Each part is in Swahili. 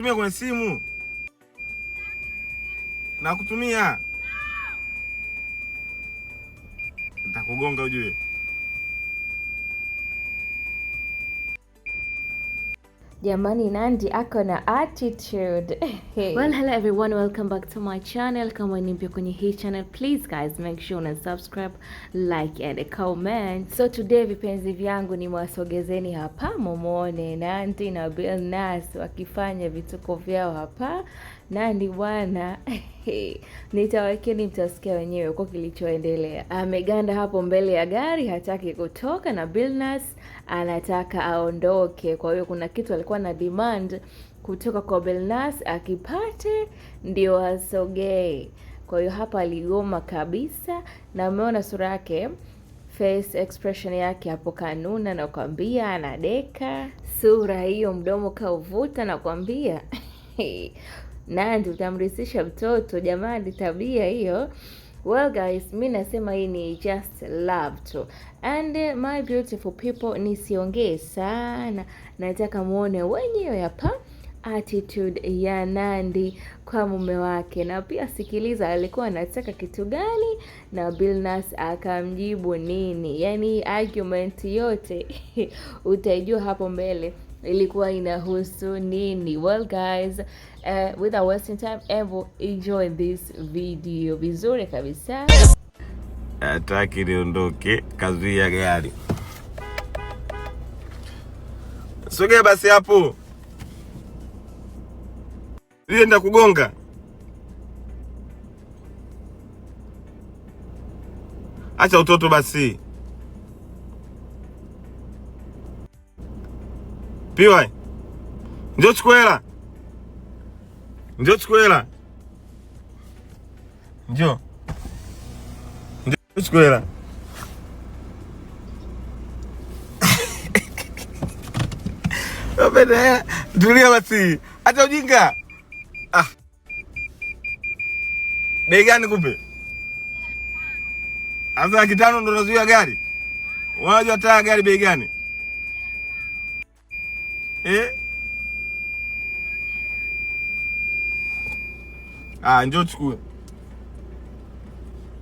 Tumia kwenye simu na kutumia, nitakugonga ujue. Jamani, Nandy ako na attitude. Hey. Well, hello everyone, welcome back to my channel. Kama ni mpya kwenye hii channel, please guys make sure una subscribe, like and comment. So today vipenzi vyangu nimewasogezeni hapa momone Nandy na Billnass wakifanya vituko vyao hapa Nandi bwana nitawakeni, mtasikia wenyewe kwa kilichoendelea. Ameganda hapo mbele ya gari, hataki kutoka, na Billnass anataka aondoke. Kwa hiyo kuna kitu alikuwa na demand kutoka kwa Billnass, akipate ndio asogee. Kwa hiyo hapa aligoma kabisa, na ameona sura yake face expression yake hapo kanuna, nakwambia anadeka sura hiyo, mdomo kauvuta, nakwambia nandi utamrithisha mtoto. Jamani, tabia hiyo. Well guys, mi nasema hii ni just love tu. And uh, my beautiful people, nisiongee sana, nataka muone wenyewe hapa attitude ya Nandi kwa mume wake, na pia sikiliza alikuwa anataka kitu gani na Billnass akamjibu nini. Yani argument yote utaijua hapo mbele ilikuwa inahusu nini? Well guys, uh, eh, without wasting time, evo enjoy this video vizuri kabisa. Nataki niondoke, kazi ya gari. Sogea basi hapo, hiyo nda kugonga Acha utoto basi. Piwa. Njoo chukua hela. Njoo chukua hela. Njoo. Njoo chukua hela. Wapenda hela, dunia basi. Hata ujinga. Ah. Bei gani kupe? Hamsini na kitano ndo nazuia gari. Unajua taa gari bei gani? eh? Ah, njoo chukue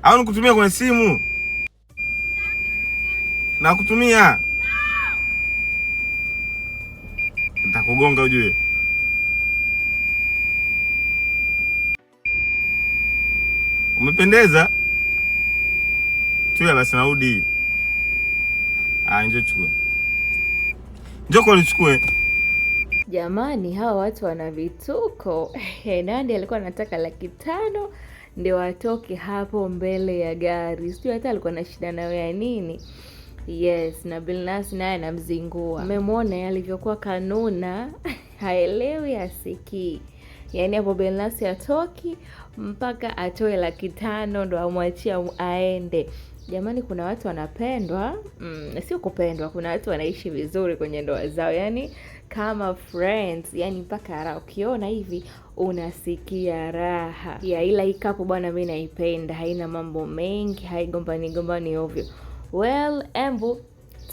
au nikutumia kwenye simu nakutumia nitakugonga ujue. Umependeza tuya basi, narudi. Ah, njoo chukue, njoo kwa lichukue. Jamani, hawa watu wana vituko. Nandi alikuwa anataka laki tano ndio atoke hapo mbele ya gari, sijui hata alikuwa na shida nayo ya nini. Yes, na Bilnas naye anamzingua. Mmemwona alivyokuwa kanuna, haelewi hasikii. Yaani hapo bilnasi atoki mpaka atoe laki tano ndo amwachia aende. Jamani, kuna watu wanapendwa mm, sio kupendwa. Kuna watu wanaishi vizuri kwenye ndoa zao, yani kama friends, yani mpaka raha. Ukiona hivi unasikia raha ya ila ikapo bwana, mi naipenda, haina mambo mengi, haigombani gombani ovyo. Well, embu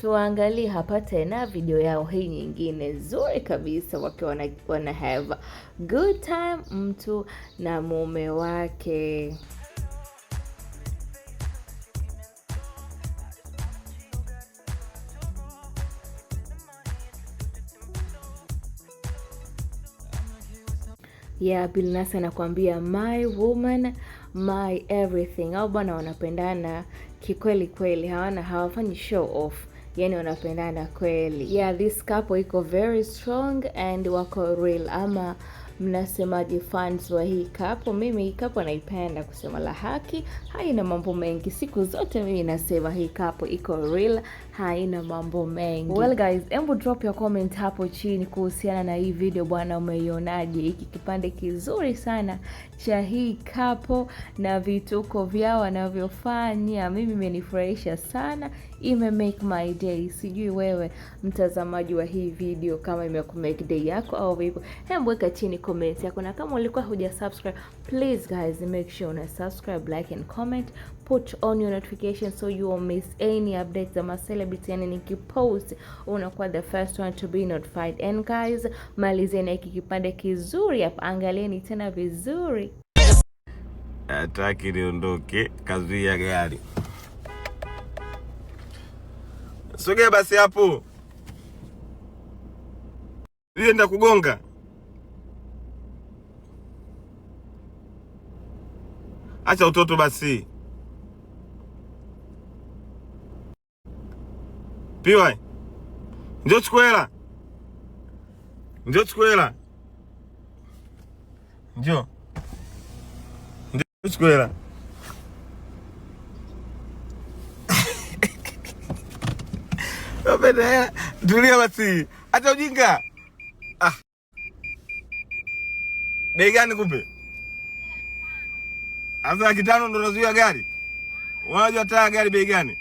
tuangalie hapa tena video yao hii nyingine nzuri kabisa, wakiwa wana, wana have good time mtu na mume wake. ya Bill Nass anakuambia my woman my everything. au bwana wanapendana kikweli kweli, hawana hawafanyi show off, yani wanapendana kweli. Yeah, this couple iko very strong and wako real ama mnasemaje fans wa hii kapo? Mimi hii kapo naipenda kusema la haki, haina mambo mengi siku zote. Mimi nasema hii kapo iko real, haina mambo mengi. Well guys, hebu drop your comment hapo chini kuhusiana na hii video bwana, umeionaje? Hiki kipande kizuri sana cha hii kapo na vituko vyao wanavyofanya, mimi imenifurahisha sana, ime make my day. Sijui wewe mtazamaji wa hii video kama ime make day yako au vipi? Hebu weka chini comment yako, na kama ulikuwa huja subscribe, please guys make sure una subscribe, like and comment, put on your notification so you won't miss any updates ama celebrity, yani nikipost unakuwa the first one to be notified. And guys, malizeni hiki kipande kizuri hapa, angalieni tena vizuri. Ataki niondoke kazi ya gari. Sogea basi hapo. Nienda kugonga. Acha utoto basi. Piwa. Njoo chukua hela. Njoo chukua hela. Njoo. Njoo chukua hela. Napenda dunia basi. Acha ujinga. Ah. Bei gani kupe? Hasa laki tano ndo unazuia gari? Unajua taa gari bei gani?